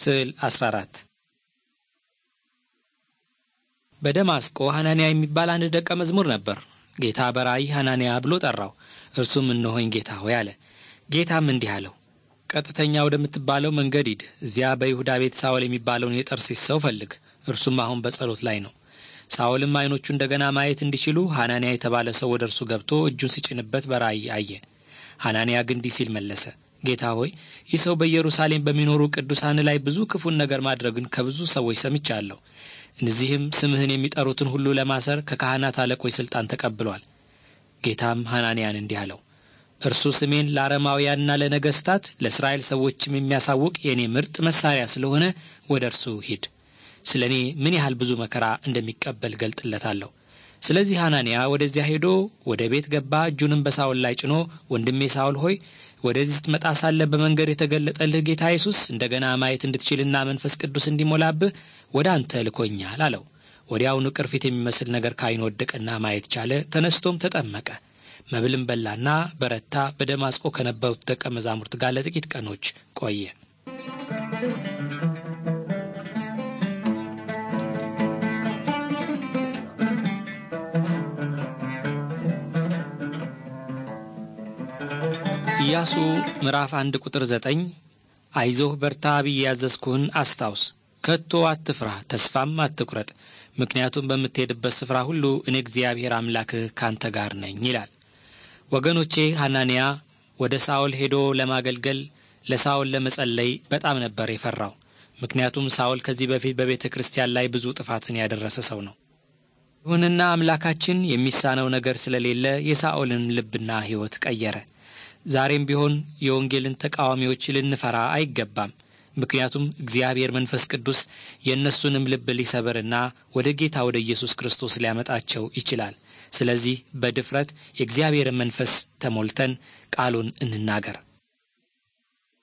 ስዕል 14 በደማስቆ ሐናንያ የሚባል አንድ ደቀ መዝሙር ነበር። ጌታ በራእይ ሐናንያ ብሎ ጠራው። እርሱም እነሆኝ ጌታ ሆይ አለ። ጌታም እንዲህ አለው፣ ቀጥተኛ ወደምትባለው መንገድ ሂድ። እዚያ በይሁዳ ቤት ሳውል የሚባለውን የጠርሲስ ሰው ፈልግ። እርሱም አሁን በጸሎት ላይ ነው። ሳውልም አይኖቹ እንደገና ማየት እንዲችሉ ሐናንያ የተባለ ሰው ወደ እርሱ ገብቶ እጁን ሲጭንበት በራእይ አየ። ሐናንያ ግን እንዲህ ሲል መለሰ፣ ጌታ ሆይ ይህ ሰው በኢየሩሳሌም በሚኖሩ ቅዱሳን ላይ ብዙ ክፉን ነገር ማድረግን ከብዙ ሰዎች ሰምቻለሁ። እነዚህም ስምህን የሚጠሩትን ሁሉ ለማሰር ከካህናት አለቆች ሥልጣን ተቀብሏል። ጌታም ሐናንያን እንዲህ አለው፣ እርሱ ስሜን ለአረማውያንና ለነገሥታት ለእስራኤል ሰዎችም የሚያሳውቅ የእኔ ምርጥ መሣሪያ ስለሆነ ወደ እርሱ ሂድ። ስለ እኔ ምን ያህል ብዙ መከራ እንደሚቀበል ገልጥለታለሁ። ስለዚህ ሐናንያ ወደዚያ ሄዶ ወደ ቤት ገባ። እጁንም በሳውል ላይ ጭኖ ወንድሜ ሳውል ሆይ ወደዚህ ስትመጣ ሳለ በመንገድ የተገለጠልህ ጌታ ኢየሱስ እንደገና ማየት እንድትችልና መንፈስ ቅዱስ እንዲሞላብህ ወደ አንተ ልኮኛል አለው። ወዲያውኑ ቅርፊት የሚመስል ነገር ከዓይኑ ወደቀና ማየት ቻለ። ተነስቶም ተጠመቀ። መብልም በላና በረታ። በደማስቆ ከነበሩት ደቀ መዛሙርት ጋር ለጥቂት ቀኖች ቆየ። ኢያሱ ምዕራፍ አንድ ቁጥር ዘጠኝ አይዞህ በርታ ብዬ ያዘዝኩህን አስታውስ፣ ከቶ አትፍራ፣ ተስፋም አትቁረጥ፣ ምክንያቱም በምትሄድበት ስፍራ ሁሉ እኔ እግዚአብሔር አምላክህ ካንተ ጋር ነኝ ይላል። ወገኖቼ ሐናንያ ወደ ሳውል ሄዶ ለማገልገል ለሳውል ለመጸለይ በጣም ነበር የፈራው። ምክንያቱም ሳውል ከዚህ በፊት በቤተ ክርስቲያን ላይ ብዙ ጥፋትን ያደረሰ ሰው ነው። ይሁንና አምላካችን የሚሳነው ነገር ስለሌለ የሳኦልን ልብና ሕይወት ቀየረ። ዛሬም ቢሆን የወንጌልን ተቃዋሚዎች ልንፈራ አይገባም። ምክንያቱም እግዚአብሔር መንፈስ ቅዱስ የእነሱንም ልብ ሊሰብርና ወደ ጌታ ወደ ኢየሱስ ክርስቶስ ሊያመጣቸው ይችላል። ስለዚህ በድፍረት የእግዚአብሔርን መንፈስ ተሞልተን ቃሉን እንናገር።